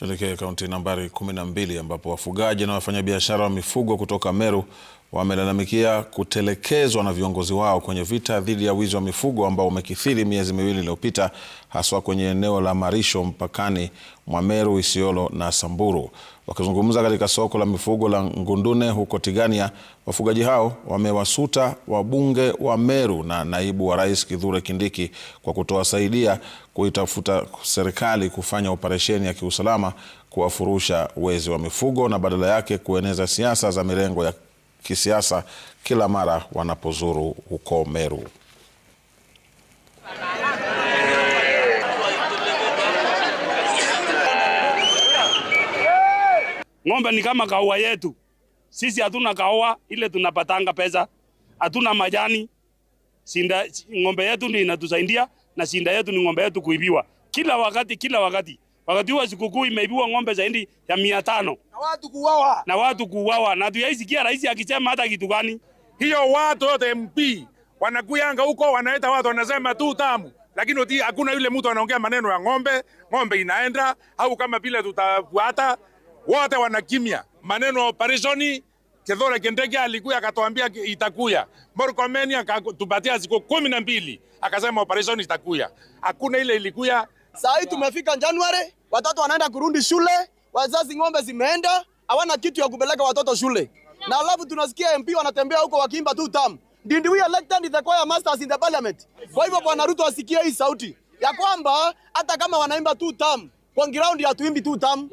Tuelekee kaunti nambari 12 ambapo wafugaji na wafanyabiashara wa mifugo kutoka Meru wamelalamikia kutelekezwa na viongozi wao kwenye vita dhidi ya wizi wa mifugo ambao umekithiri miezi miwili iliyopita, haswa kwenye eneo la Marisho mpakani mwa Meru, Isiolo na Samburu. Wakizungumza katika soko la mifugo la Ngundune huko Tigania, wafugaji hao wamewasuta wabunge wa Meru na naibu wa rais Kithure Kindiki kwa kutowasaidia kuitafuta serikali kufanya operesheni ya kiusalama kuwafurusha wezi wa mifugo na badala yake kueneza siasa za mirengo ya kisiasa kila mara wanapozuru huko Meru. Ng'ombe ni kama kaua yetu sisi, hatuna kaua ile tunapatanga pesa, hatuna majani sinda. Ng'ombe yetu ndio inatusaidia na sinda yetu ni ng'ombe yetu kuibiwa kila wakati, kila wakati. Wakati wa sikukuu imeibiwa ng'ombe zaidi ya mia tano na watu kuuawa, na watu kuuawa, na tuyaisikia rais akisema hata kitu gani hiyo. Watu wote MP wanakuyanga huko, wanaita watu wanasema tu tamu, lakini hakuna yule mtu anaongea maneno ya ng'ombe. Ng'ombe inaenda au kama vile tutafuata, wote wanakimya. Maneno ya opereshoni Kedhora Kindege alikuya akatuambia itakuya. Murkomen akatupatia siku kumi na mbili akasema opereshoni itakuya, hakuna ile ilikuya Saa hii tumefika Januari, watoto wanaenda kurudi shule, wazazi ng'ombe zimeenda, hawana kitu ya kupeleka watoto shule. Na alafu tunasikia MP wanatembea huko wakiimba tu tam. Did we elect the choir masters in the parliament? Kwa hivyo Bwana Ruto asikie hii sauti ya kwamba hata kama wanaimba tu tam, kwa ground hatuimbi tu tam.